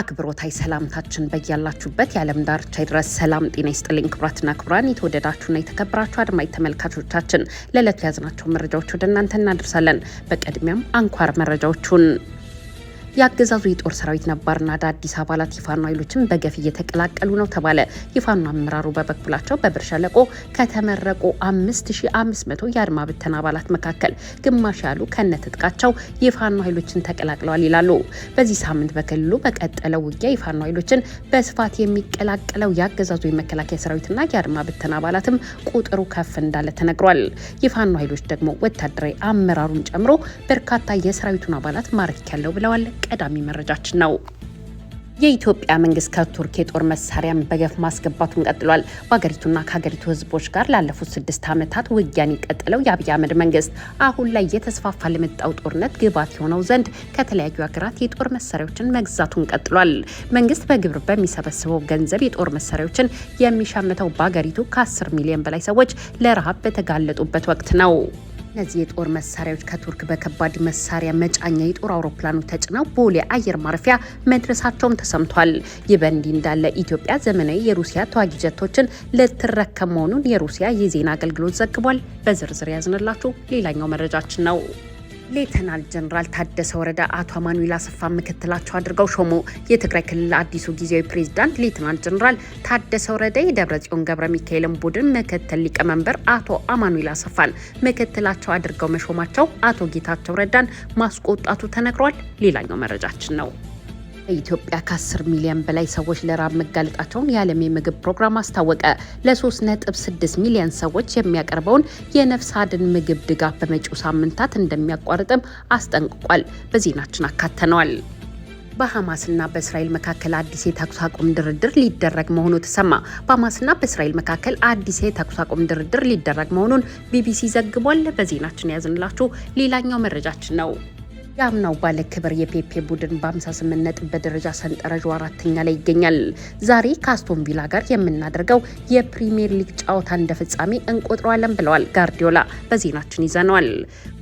አክብሮታይ ሰላምታችን በያላችሁበት የዓለም ዳርቻ ድረስ ሰላም ጤና ይስጥልኝ ክቡራትና ክቡራን፣ የተወደዳችሁና የተከበራችሁ አድማጭ ተመልካቾቻችን ለዕለቱ የያዝናቸው መረጃዎች ወደ እናንተ እናደርሳለን። በቅድሚያም አንኳር መረጃዎቹን የአገዛዙ የጦር ሰራዊት ነባርና አዳዲስ አባላት የፋኖ ኃይሎችን በገፍ እየተቀላቀሉ ነው ተባለ። የፋኖ አመራሩ በበኩላቸው በብር ሸለቆ ከተመረቁ 5500 የአድማ ብተና አባላት መካከል ግማሽ ያሉ ከነትጥቃቸው የፋኖ ኃይሎችን ተቀላቅለዋል ይላሉ። በዚህ ሳምንት በክልሉ በቀጠለው ውጊያ የፋኖ ኃይሎችን በስፋት የሚቀላቀለው የአገዛዙ የመከላከያ ሰራዊትና የአድማ ብተና አባላትም ቁጥሩ ከፍ እንዳለ ተነግሯል። የፋኖ ኃይሎች ደግሞ ወታደራዊ አመራሩን ጨምሮ በርካታ የሰራዊቱን አባላት ማረክ ያለው ብለዋል። ቀዳሚ መረጃችን ነው። የኢትዮጵያ መንግስት ከቱርክ የጦር መሳሪያን በገፍ ማስገባቱን ቀጥሏል። በሀገሪቱና ከሀገሪቱ ህዝቦች ጋር ላለፉት ስድስት ዓመታት ውጊያን የቀጠለው የአብይ አህመድ መንግስት አሁን ላይ የተስፋፋ ለመጣው ጦርነት ግባት የሆነው ዘንድ ከተለያዩ ሀገራት የጦር መሳሪያዎችን መግዛቱን ቀጥሏል። መንግስት በግብር በሚሰበስበው ገንዘብ የጦር መሳሪያዎችን የሚሸምተው በሀገሪቱ ከ10 ሚሊዮን በላይ ሰዎች ለረሃብ በተጋለጡበት ወቅት ነው። እነዚህ የጦር መሳሪያዎች ከቱርክ በከባድ መሳሪያ መጫኛ የጦር አውሮፕላኑ ተጭነው ቦሌ አየር ማረፊያ መድረሳቸውም ተሰምቷል። ይህ በእንዲህ እንዳለ ኢትዮጵያ ዘመናዊ የሩሲያ ተዋጊ ጀቶችን ልትረከብ መሆኑን የሩሲያ የዜና አገልግሎት ዘግቧል። በዝርዝር ያዝንላችሁ ሌላኛው መረጃችን ነው። ሌተናል ጀነራል ታደሰ ወረደ አቶ አማኑኤል አሰፋ ምክትላቸው አድርገው ሾሙ። የትግራይ ክልል አዲሱ ጊዜያዊ ፕሬዚዳንት ሌተናል ጀነራል ታደሰ ወረደ የደብረጽዮን ገብረ ሚካኤልን ቡድን ምክትል ሊቀመንበር አቶ አማኑኤል አሰፋን ምክትላቸው አድርገው መሾማቸው አቶ ጌታቸው ረዳን ማስቆጣቱ ተነግሯል። ሌላኛው መረጃችን ነው። በኢትዮጵያ ከ10 ሚሊዮን በላይ ሰዎች ለራብ መጋለጣቸውን የዓለም የምግብ ፕሮግራም አስታወቀ። ለ3.6 ሚሊዮን ሰዎች የሚያቀርበውን የነፍስ አድን ምግብ ድጋፍ በመጪው ሳምንታት እንደሚያቋርጥም አስጠንቅቋል። በዜናችን አካተነዋል። በሐማስና በእስራኤል መካከል አዲስ የተኩስ አቁም ድርድር ሊደረግ መሆኑ ተሰማ። በሐማስና በእስራኤል መካከል አዲስ የተኩስ አቁም ድርድር ሊደረግ መሆኑን ቢቢሲ ዘግቧል። በዜናችን ያዝንላችሁ ሌላኛው መረጃችን ነው። የአምናው ባለ ክብር የፔፔ ቡድን በ58 ነጥብ በደረጃ ሰንጠረዡ አራተኛ ላይ ይገኛል። ዛሬ ከአስቶን ቪላ ጋር የምናደርገው የፕሪሚየር ሊግ ጨዋታ እንደ ፍጻሜ እንቆጥረዋለን ብለዋል ጋርዲዮላ። በዜናችን ይዘነዋል።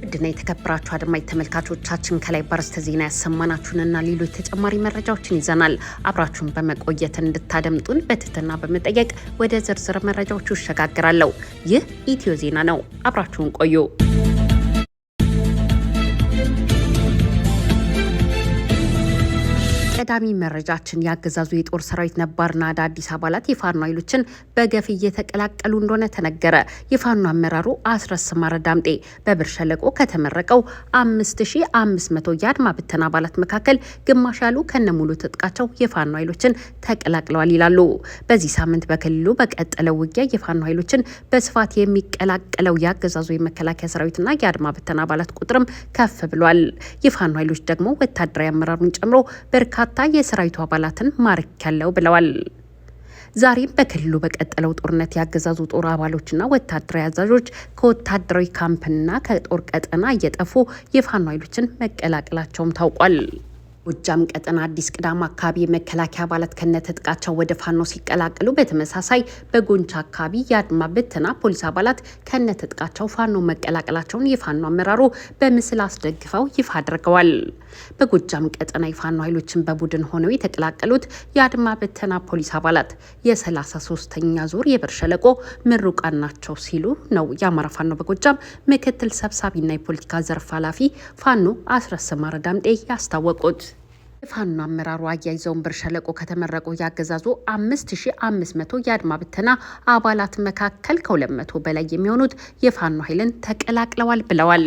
ውድና የተከበራችሁ አድማጭ ተመልካቾቻችን ከላይ በአርዕስተ ዜና ያሰማናችሁንና ሌሎች ተጨማሪ መረጃዎችን ይዘናል። አብራችሁን በመቆየት እንድታደምጡን በትህትና በመጠየቅ ወደ ዝርዝር መረጃዎቹ ይሸጋግራለሁ። ይህ ኢትዮ ዜና ነው። አብራችሁን ቆዩ። ቀዳሚ መረጃችን ያገዛዙ የጦር ሰራዊት ነባርና አዳዲስ አባላት የፋኖ ኃይሎችን በገፍ እየተቀላቀሉ እንደሆነ ተነገረ። የፋኖ አመራሩ አስረስ ማረ ዳምጤ በብር ሸለቆ ከተመረቀው 5500 የአድማ ብተና አባላት መካከል ግማሽ ያሉ ከነሙሉ ትጥቃቸው የፋኖ ኃይሎችን ተቀላቅለዋል ይላሉ። በዚህ ሳምንት በክልሉ በቀጠለው ውጊያ የፋኖ ኃይሎችን በስፋት የሚቀላቀለው ያገዛዙ የመከላከያ ሰራዊትና የአድማ ብተና አባላት ቁጥርም ከፍ ብሏል። የፋኖ ኃይሎች ደግሞ ወታደራዊ አመራሩን ጨምሮ በርካታ በርካታ የሰራዊቱ አባላትን ማርኪያለው ብለዋል። ዛሬም በክልሉ በቀጠለው ጦርነት ያገዛዙ ጦር አባሎችና ወታደራዊ አዛዦች ከወታደራዊ ካምፕና ከጦር ቀጠና እየጠፉ የፋኖ ኃይሎችን መቀላቀላቸውም ታውቋል። ጎጃም ቀጠና አዲስ ቅዳም አካባቢ የመከላከያ አባላት ከነትጥቃቸው ወደ ፋኖ ሲቀላቀሉ፣ በተመሳሳይ በጎንቻ አካባቢ የአድማ ብተና ፖሊስ አባላት ከነትጥቃቸው ፋኖ መቀላቀላቸውን የፋኖ አመራሩ በምስል አስደግፈው ይፋ አድርገዋል። በጎጃም ቀጠና የፋኖ ኃይሎችን በቡድን ሆነው የተቀላቀሉት የአድማ ብተና ፖሊስ አባላት የ 33 ተኛ ዙር የብር ሸለቆ ምሩቃን ናቸው ሲሉ ነው የአማራ ፋኖ በጎጃም ምክትል ሰብሳቢና የፖለቲካ ዘርፍ ኃላፊ ፋኖ አስረስ ማረ ዳምጤ ያስታወቁት። የፋኖ አመራሩ አያይዘውን ብር ሸለቆ ከተመረቁ ያገዛዙ 5500 የአድማ ብተና አባላት መካከል ከ200 በላይ የሚሆኑት የፋኖ ኃይልን ተቀላቅለዋል ብለዋል።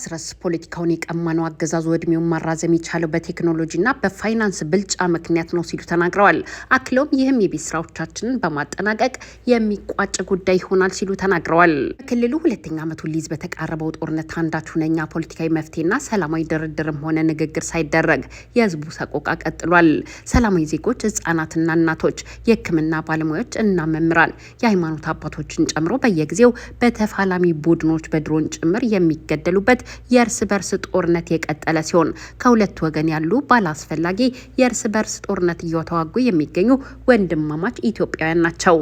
ስረስ ፖለቲካውን የቀማነው አገዛዙ እድሜውን ማራዘም የቻለው በቴክኖሎጂና በፋይናንስ ብልጫ ምክንያት ነው ሲሉ ተናግረዋል። አክለውም ይህም የቤት ስራዎቻችንን በማጠናቀቅ የሚቋጭ ጉዳይ ይሆናል ሲሉ ተናግረዋል። በክልሉ ሁለተኛ ዓመቱ ሊዝ በተቃረበው ጦርነት አንዳች ሁነኛ ፖለቲካዊ መፍትሄና ሰላማዊ ድርድርም ሆነ ንግግር ሳይደረግ የህዝቡ ሰቆቃ ቀጥሏል። ሰላማዊ ዜጎች፣ ህጻናትና እናቶች፣ የህክምና ባለሙያዎች እና መምህራን የሃይማኖት አባቶችን ጨምሮ በየጊዜው በተፋላሚ ቡድኖች በድሮን ጭምር የሚገደሉበት ባለበት የእርስ በርስ ጦርነት የቀጠለ ሲሆን ከሁለት ወገን ያሉ ባላስፈላጊ የእርስ በርስ ጦርነት እየተዋጉ የሚገኙ ወንድማማች ኢትዮጵያውያን ናቸው።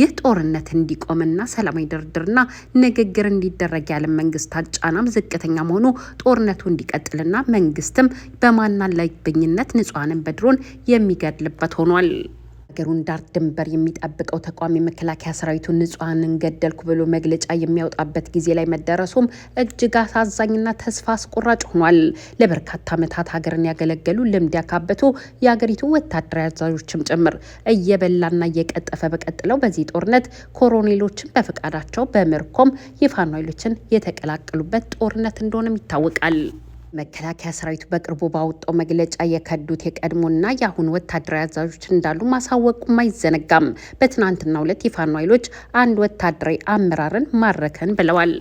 ይህ ጦርነት እንዲቆምና ሰላማዊ ድርድርና ንግግር እንዲደረግ የዓለም መንግስታት ጫናም ዝቅተኛ መሆኑ ጦርነቱ እንዲቀጥልና መንግስትም በማናለብኝነት ንጹሐንን በድሮን የሚገድልበት ሆኗል። ሀገሩን ዳር ድንበር የሚጠብቀው ተቋም የመከላከያ ሰራዊቱ ንጹሐንን ገደልኩ ብሎ መግለጫ የሚያወጣበት ጊዜ ላይ መደረሱም እጅግ አሳዛኝና ተስፋ አስቆራጭ ሆኗል። ለበርካታ ዓመታት ሀገርን ያገለገሉ ልምድ ያካበቱ የሀገሪቱ ወታደራዊ አዛዦችም ጭምር እየበላና እየቀጠፈ በቀጥለው በዚህ ጦርነት ኮሎኔሎችን በፈቃዳቸው በምርኮም የፋኖ ኃይሎችን የተቀላቀሉበት ጦርነት እንደሆነም ይታወቃል። መከላከያ ሰራዊቱ በቅርቡ ባወጣው መግለጫ የከዱት የቀድሞና የአሁኑ ወታደራዊ አዛዦች እንዳሉ ማሳወቁም አይዘነጋም። በትናንትናው ዕለት የፋኖ ኃይሎች አንድ ወታደራዊ አመራርን ማረከን ብለዋል።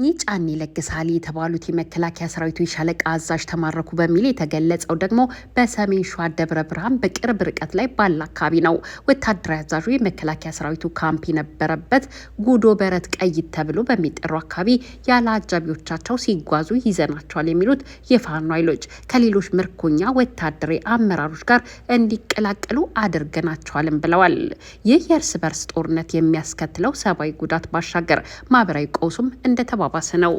እኚህ ጫኔ ለገሰዓሊ የተባሉት የመከላከያ ሰራዊቱ የሻለቃ አዛዥ ተማረኩ በሚል የተገለጸው ደግሞ በሰሜን ሸዋ ደብረ ብርሃን በቅርብ ርቀት ላይ ባለ አካባቢ ነው። ወታደራዊ አዛዡ የመከላከያ ሰራዊቱ ካምፕ የነበረበት ጉዶ በረት ቀይት ተብሎ በሚጠራው አካባቢ ያለ አጃቢዎቻቸው ሲጓዙ ይዘናቸዋል የሚሉት የፋኖ ኃይሎች ከሌሎች ምርኮኛ ወታደራዊ አመራሮች ጋር እንዲቀላቀሉ አድርገናቸዋልም ብለዋል። ይህ የእርስ በርስ ጦርነት የሚያስከትለው ሰብአዊ ጉዳት ባሻገር ማህበራዊ ቀውሱም እንደተባ እየተባባሰ ነው።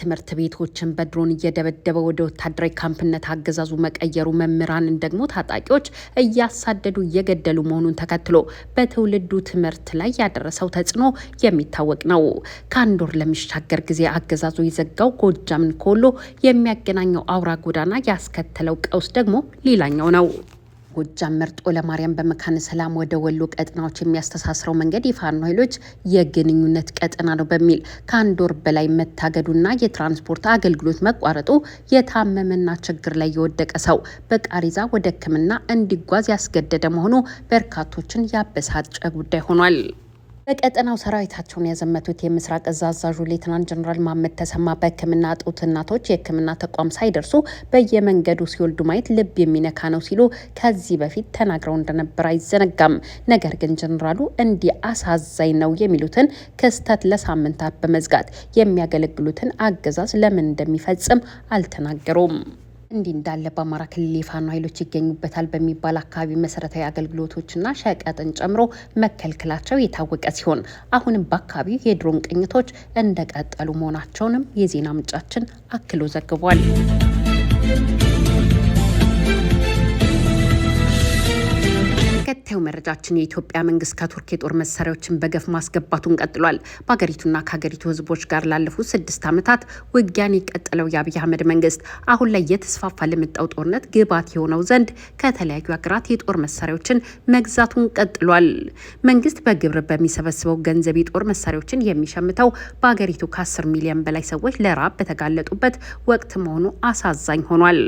ትምህርት ቤቶችን በድሮን እየደበደበ ወደ ወታደራዊ ካምፕነት አገዛዙ መቀየሩ መምህራንን ደግሞ ታጣቂዎች እያሳደዱ እየገደሉ መሆኑን ተከትሎ በትውልዱ ትምህርት ላይ ያደረሰው ተጽዕኖ የሚታወቅ ነው። ከአንድ ወር ለሚሻገር ጊዜ አገዛዙ የዘጋው ጎጃምን ከወሎ የሚያገናኘው አውራ ጎዳና ያስከተለው ቀውስ ደግሞ ሌላኛው ነው። ከጎጃም መርጦ ለማርያም በመካነ ሰላም ወደ ወሎ ቀጠናዎች የሚያስተሳስረው መንገድ የፋኖ ኃይሎች የግንኙነት ቀጠና ነው በሚል ከአንድ ወር በላይ መታገዱና የትራንስፖርት አገልግሎት መቋረጡ የታመመና ችግር ላይ የወደቀ ሰው በቃሪዛ ወደ ሕክምና እንዲጓዝ ያስገደደ መሆኑ በርካቶችን ያበሳጨ ጉዳይ ሆኗል። በቀጠናው ሰራዊታቸውን ያዘመቱት የምስራቅ እዝ አዛዡ ሌትናንት ጀኔራል መሐመድ ተሰማ በሕክምና እጦት እናቶች የሕክምና ተቋም ሳይደርሱ በየመንገዱ ሲወልዱ ማየት ልብ የሚነካ ነው ሲሉ ከዚህ በፊት ተናግረው እንደነበር አይዘነጋም። ነገር ግን ጀኔራሉ እንዲህ አሳዛኝ ነው የሚሉትን ክስተት ለሳምንታት በመዝጋት የሚያገለግሉትን አገዛዝ ለምን እንደሚፈጽም አልተናገሩም። እንዲህ እንዳለ በአማራ ክልል የፋኖ ኃይሎች ይገኙበታል በሚባል አካባቢ መሰረታዊ አገልግሎቶችና ሸቀጥን ጨምሮ መከልከላቸው የታወቀ ሲሆን አሁንም በአካባቢው የድሮን ቅኝቶች እንደቀጠሉ መሆናቸውንም የዜና ምንጫችን አክሎ ዘግቧል። ተከታዩ መረጃችን የኢትዮጵያ መንግስት ከቱርክ የጦር መሳሪያዎችን በገፍ ማስገባቱን ቀጥሏል። በሀገሪቱና ከሀገሪቱ ህዝቦች ጋር ላለፉት ስድስት ዓመታት ውጊያን የቀጠለው የአብይ አህመድ መንግስት አሁን ላይ የተስፋፋ ለመጣው ጦርነት ግብዓት የሆነው ዘንድ ከተለያዩ ሀገራት የጦር መሳሪያዎችን መግዛቱን ቀጥሏል። መንግስት በግብር በሚሰበስበው ገንዘብ የጦር መሳሪያዎችን የሚሸምተው በሀገሪቱ ከ10 ሚሊዮን በላይ ሰዎች ለራብ በተጋለጡበት ወቅት መሆኑ አሳዛኝ ሆኗል።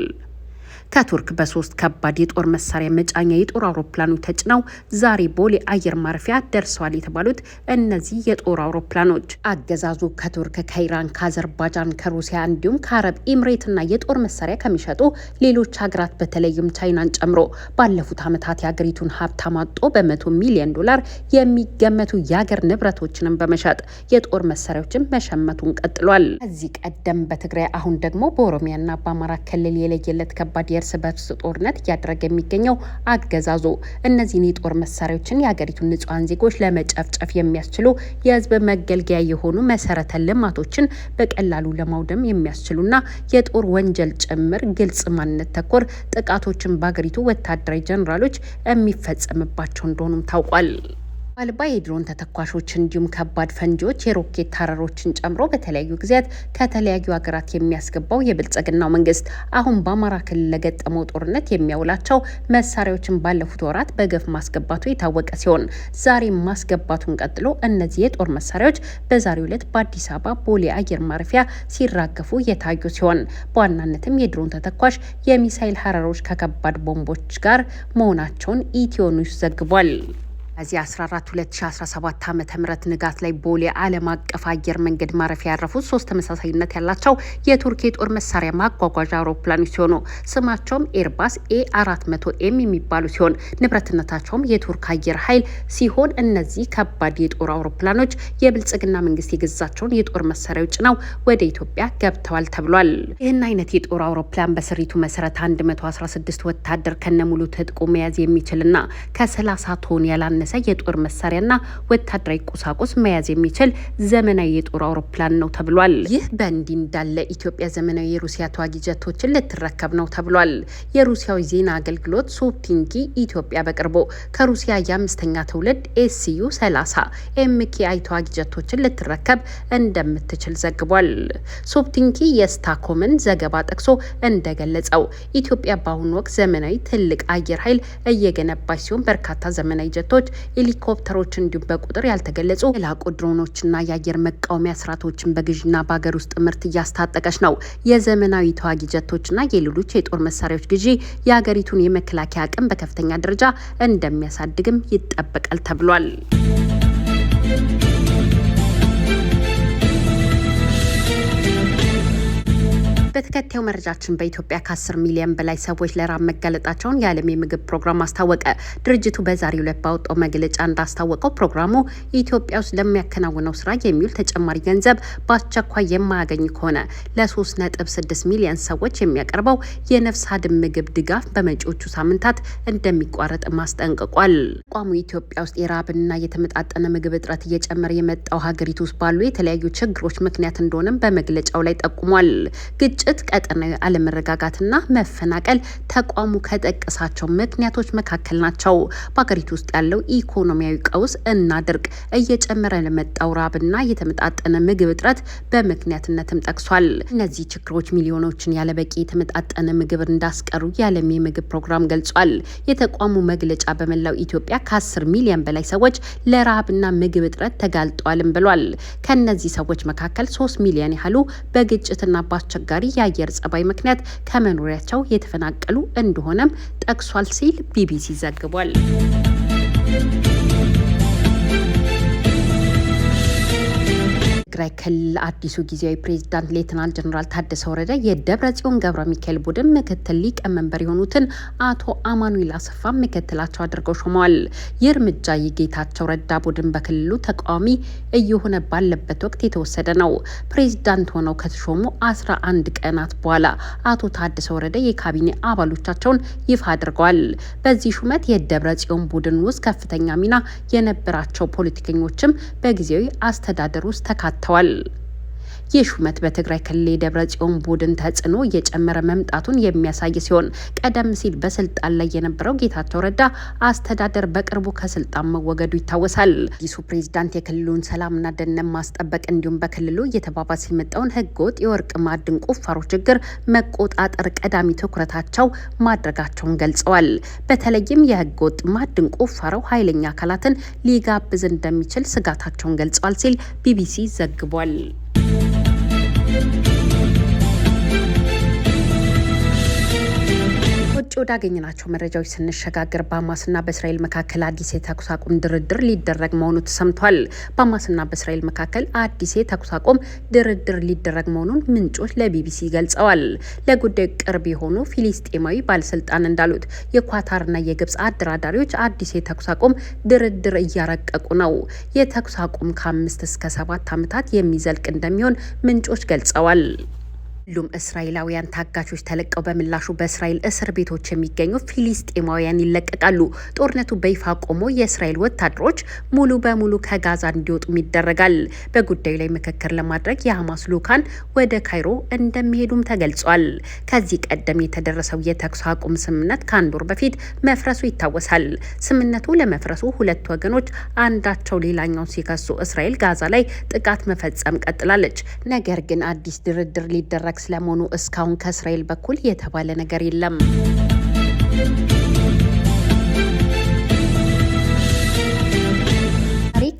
ከቱርክ በሶስት ከባድ የጦር መሳሪያ መጫኛ የጦር አውሮፕላኖች ተጭነው ዛሬ ቦሌ አየር ማረፊያ ደርሰዋል የተባሉት እነዚህ የጦር አውሮፕላኖች አገዛዙ ከቱርክ፣ ከኢራን፣ ከአዘርባጃን፣ ከሩሲያ እንዲሁም ከአረብ ኤምሬትና የጦር መሳሪያ ከሚሸጡ ሌሎች ሀገራት በተለይም ቻይናን ጨምሮ ባለፉት ዓመታት የሀገሪቱን ሀብት አማጦ በመቶ ሚሊዮን ዶላር የሚገመቱ የሀገር ንብረቶችንም በመሸጥ የጦር መሳሪያዎችን መሸመቱን ቀጥሏል። ከዚህ ቀደም በትግራይ አሁን ደግሞ በኦሮሚያና በአማራ ክልል የለየለት ከባድ የእርስ በርስ ጦርነት እያደረገ የሚገኘው አገዛዙ እነዚህን የጦር መሳሪያዎችን የሀገሪቱን ንጹሐን ዜጎች ለመጨፍጨፍ የሚያስችሉ የህዝብ መገልገያ የሆኑ መሰረተ ልማቶችን በቀላሉ ለማውደም የሚያስችሉና የጦር ወንጀል ጭምር ግልጽ ማንነት ተኮር ጥቃቶችን በሀገሪቱ ወታደራዊ ጀኔራሎች የሚፈጸምባቸው እንደሆኑም ታውቋል። አልባ የድሮን ተተኳሾች እንዲሁም ከባድ ፈንጂዎች የሮኬት ታረሮችን ጨምሮ በተለያዩ ጊዜያት ከተለያዩ ሀገራት የሚያስገባው የብልጽግናው መንግስት አሁን በአማራ ክልል ለገጠመው ጦርነት የሚያውላቸው መሳሪያዎችን ባለፉት ወራት በገፍ ማስገባቱ የታወቀ ሲሆን ዛሬ ማስገባቱን ቀጥሎ እነዚህ የጦር መሳሪያዎች በዛሬው ዕለት በአዲስ አበባ ቦሌ አየር ማረፊያ ሲራገፉ የታዩ ሲሆን በዋናነትም የድሮን ተተኳሽ የሚሳይል ሀረሮች ከከባድ ቦምቦች ጋር መሆናቸውን ኢትዮ ኒውስ ዘግቧል። ከዚህ 14 2017 ዓ ም ንጋት ላይ ቦሌ ዓለም አቀፍ አየር መንገድ ማረፊያ ያረፉት ሶስት ተመሳሳይነት ያላቸው የቱርክ የጦር መሳሪያ ማጓጓዣ አውሮፕላኖች ሲሆኑ ስማቸውም ኤርባስ ኤ 400 ኤም የሚባሉ ሲሆን ንብረትነታቸውም የቱርክ አየር ኃይል ሲሆን እነዚህ ከባድ የጦር አውሮፕላኖች የብልጽግና መንግስት የገዛቸውን የጦር መሳሪያዎች ነው ወደ ኢትዮጵያ ገብተዋል ተብሏል። ይህን አይነት የጦር አውሮፕላን በስሪቱ መሰረት 116 ወታደር ከነሙሉ ትጥቁ መያዝ የሚችልና ከ30 ቶን ያላነ ያነሰ የጦር መሳሪያና ወታደራዊ ቁሳቁስ መያዝ የሚችል ዘመናዊ የጦር አውሮፕላን ነው ተብሏል። ይህ በእንዲህ እንዳለ ኢትዮጵያ ዘመናዊ የሩሲያ ተዋጊ ጀቶችን ልትረከብ ነው ተብሏል። የሩሲያዊ ዜና አገልግሎት ሶፕቲንኪ ኢትዮጵያ በቅርቡ ከሩሲያ የአምስተኛ ትውልድ ኤስዩ 30 ኤምኬአይ ተዋጊ ጀቶችን ልትረከብ እንደምትችል ዘግቧል። ሶፕቲንኪ የስታኮምን ዘገባ ጠቅሶ እንደገለጸው ኢትዮጵያ በአሁኑ ወቅት ዘመናዊ ትልቅ አየር ኃይል እየገነባች ሲሆን በርካታ ዘመናዊ ጀቶች ሄሊኮፕተሮች እንዲሁም በቁጥር ያልተገለጹ የላቁ ድሮኖችና የአየር መቃወሚያ ስርዓቶችን በግዥና በሀገር ውስጥ ምርት እያስታጠቀች ነው። የዘመናዊ ተዋጊ ጀቶችና የሌሎች የጦር መሳሪያዎች ግዢ የሀገሪቱን የመከላከያ አቅም በከፍተኛ ደረጃ እንደሚያሳድግም ይጠበቃል ተብሏል። በተከታዩ መረጃችን በኢትዮጵያ ከ10 ሚሊዮን በላይ ሰዎች ለራብ መጋለጣቸውን የዓለም የምግብ ፕሮግራም አስታወቀ። ድርጅቱ በዛሬው ዕለት ባወጣው መግለጫ እንዳስታወቀው ፕሮግራሙ ኢትዮጵያ ውስጥ ለሚያከናውነው ስራ የሚውል ተጨማሪ ገንዘብ በአስቸኳይ የማያገኝ ከሆነ ለ3.6 ሚሊዮን ሰዎች የሚያቀርበው የነፍስ አድን ምግብ ድጋፍ በመጪዎቹ ሳምንታት እንደሚቋረጥ ማስጠንቅቋል። ተቋሙ ኢትዮጵያ ውስጥ የራብና የተመጣጠነ ምግብ እጥረት እየጨመረ የመጣው ሀገሪቱ ውስጥ ባሉ የተለያዩ ችግሮች ምክንያት እንደሆነም በመግለጫው ላይ ጠቁሟል። ግጭት ውጥረት፣ ቀጠናዊ አለመረጋጋትና መፈናቀል ተቋሙ ከጠቀሳቸው ምክንያቶች መካከል ናቸው። በሀገሪቱ ውስጥ ያለው ኢኮኖሚያዊ ቀውስ እና ድርቅ፣ እየጨመረ ለመጣው ራብና የተመጣጠነ ምግብ እጥረት በምክንያትነትም ጠቅሷል። እነዚህ ችግሮች ሚሊዮኖችን ያለበቂ የተመጣጠነ ምግብ እንዳስቀሩ የዓለም የምግብ ፕሮግራም ገልጿል። የተቋሙ መግለጫ በመላው ኢትዮጵያ ከ10 ሚሊዮን በላይ ሰዎች ለረሃብና ምግብ እጥረት ተጋልጠዋልም ብሏል። ከእነዚህ ሰዎች መካከል 3 ሚሊዮን ያህሉ በግጭትና በአስቸጋሪ የአየር ጸባይ ምክንያት ከመኖሪያቸው የተፈናቀሉ እንደሆነም ጠቅሷል ሲል ቢቢሲ ዘግቧል። የትግራይ ክልል አዲሱ ጊዜያዊ ፕሬዚዳንት ሌትናንት ጀኔራል ታደሰ ወረደ የደብረ ጽዮን ገብረ ሚካኤል ቡድን ምክትል ሊቀመንበር የሆኑትን አቶ አማኑኤል አሰፋ ምክትላቸው አድርገው ሾመዋል። ይህ እርምጃ የጌታቸው ረዳ ቡድን በክልሉ ተቃዋሚ እየሆነ ባለበት ወቅት የተወሰደ ነው። ፕሬዚዳንት ሆነው ከተሾሙ አስራ አንድ ቀናት በኋላ አቶ ታደሰ ወረደ የካቢኔ አባሎቻቸውን ይፋ አድርገዋል። በዚህ ሹመት የደብረ ጽዮን ቡድን ውስጥ ከፍተኛ ሚና የነበራቸው ፖለቲከኞችም በጊዜያዊ አስተዳደር ውስጥ ተካተዋል። dejó al, ይህ ሹመት በትግራይ ክልል የደብረ ጽዮን ቡድን ተጽዕኖ እየጨመረ መምጣቱን የሚያሳይ ሲሆን ቀደም ሲል በስልጣን ላይ የነበረው ጌታቸው ረዳ አስተዳደር በቅርቡ ከስልጣን መወገዱ ይታወሳል። አዲሱ ፕሬዚዳንት የክልሉን ሰላምና ደህንነት ማስጠበቅ እንዲሁም በክልሉ እየተባባሰ የመጣውን ህገወጥ የወርቅ ማዕድን ቁፋሮ ችግር መቆጣጠር ቀዳሚ ትኩረታቸው ማድረጋቸውን ገልጸዋል። በተለይም የህገወጥ ማዕድን ቁፋሮው ኃይለኛ አካላትን ሊጋብዝ እንደሚችል ስጋታቸውን ገልጸዋል ሲል ቢቢሲ ዘግቧል። Thank you. ከውጭ ወዳገኘናቸው መረጃዎች ስንሸጋገር በሐማስና በእስራኤል መካከል አዲስ የተኩስ አቁም ድርድር ሊደረግ መሆኑ ተሰምቷል። በሐማስና በእስራኤል መካከል አዲስ የተኩስ አቁም ድርድር ሊደረግ መሆኑን ምንጮች ለቢቢሲ ገልጸዋል። ለጉዳዩ ቅርብ የሆኑ ፊሊስጤማዊ ባለስልጣን እንዳሉት የኳታርና የግብጽ አደራዳሪዎች አዲስ የተኩስ አቁም ድርድር እያረቀቁ ነው። የተኩስ አቁም ከአምስት እስከ ሰባት ዓመታት የሚዘልቅ እንደሚሆን ምንጮች ገልጸዋል። ሁሉም እስራኤላውያን ታጋቾች ተለቀው በምላሹ በእስራኤል እስር ቤቶች የሚገኙ ፊሊስጤማውያን ይለቀቃሉ። ጦርነቱ በይፋ ቆሞ የእስራኤል ወታደሮች ሙሉ በሙሉ ከጋዛ እንዲወጡም ይደረጋል። በጉዳዩ ላይ ምክክር ለማድረግ የሐማስ ልዑካን ወደ ካይሮ እንደሚሄዱም ተገልጿል። ከዚህ ቀደም የተደረሰው የተኩስ አቁም ስምምነት ከአንድ ወር በፊት መፍረሱ ይታወሳል። ስምምነቱ ለመፍረሱ ሁለት ወገኖች አንዳቸው ሌላኛውን ሲከሱ፣ እስራኤል ጋዛ ላይ ጥቃት መፈጸም ቀጥላለች። ነገር ግን አዲስ ድርድር ሊደረግ ስለመሆኑ እስካሁን ከእስራኤል በኩል የተባለ ነገር የለም።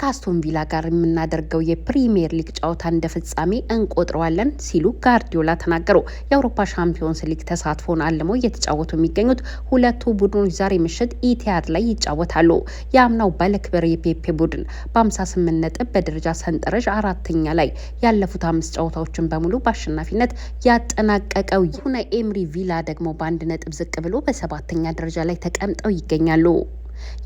ከአስቶን ቪላ ጋር የምናደርገው የፕሪሚየር ሊግ ጨዋታ እንደ ፍጻሜ እንቆጥረዋለን ሲሉ ጋርዲዮላ ተናገሩ። የአውሮፓ ሻምፒዮንስ ሊግ ተሳትፎን አልመው እየተጫወቱ የሚገኙት ሁለቱ ቡድኖች ዛሬ ምሽት ኢቲያድ ላይ ይጫወታሉ። የአምናው ባለክብር የፔፔ ቡድን በ58 ነጥብ በደረጃ ሰንጠረዥ አራተኛ ላይ ያለፉት አምስት ጨዋታዎችን በሙሉ በአሸናፊነት ያጠናቀቀው ዩናይ ኤምሪ ቪላ ደግሞ በአንድ ነጥብ ዝቅ ብሎ በሰባተኛ ደረጃ ላይ ተቀምጠው ይገኛሉ።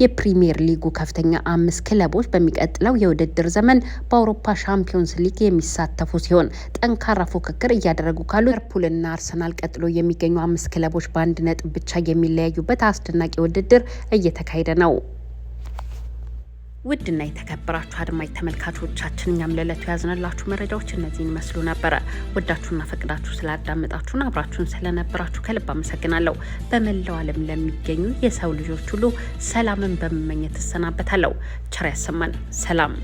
የፕሪሚየር ሊጉ ከፍተኛ አምስት ክለቦች በሚቀጥለው የውድድር ዘመን በአውሮፓ ሻምፒዮንስ ሊግ የሚሳተፉ ሲሆን ጠንካራ ፉክክር እያደረጉ ካሉ ሊቨርፑልና አርሰናል ቀጥሎ የሚገኙ አምስት ክለቦች በአንድ ነጥብ ብቻ የሚለያዩበት አስደናቂ ውድድር እየተካሄደ ነው። ውድና የተከበራችሁ አድማጭ ተመልካቾቻችን እኛም ለዕለቱ ያዝነላችሁ መረጃዎች እነዚህን ይመስሉ ነበረ። ወዳችሁና ፈቅዳችሁ ስላዳመጣችሁን አብራችሁን ስለነበራችሁ ከልብ አመሰግናለሁ። በመላው ዓለም ለሚገኙ የሰው ልጆች ሁሉ ሰላምን በመመኘት እሰናበታለሁ። ቸር ያሰማን። ሰላም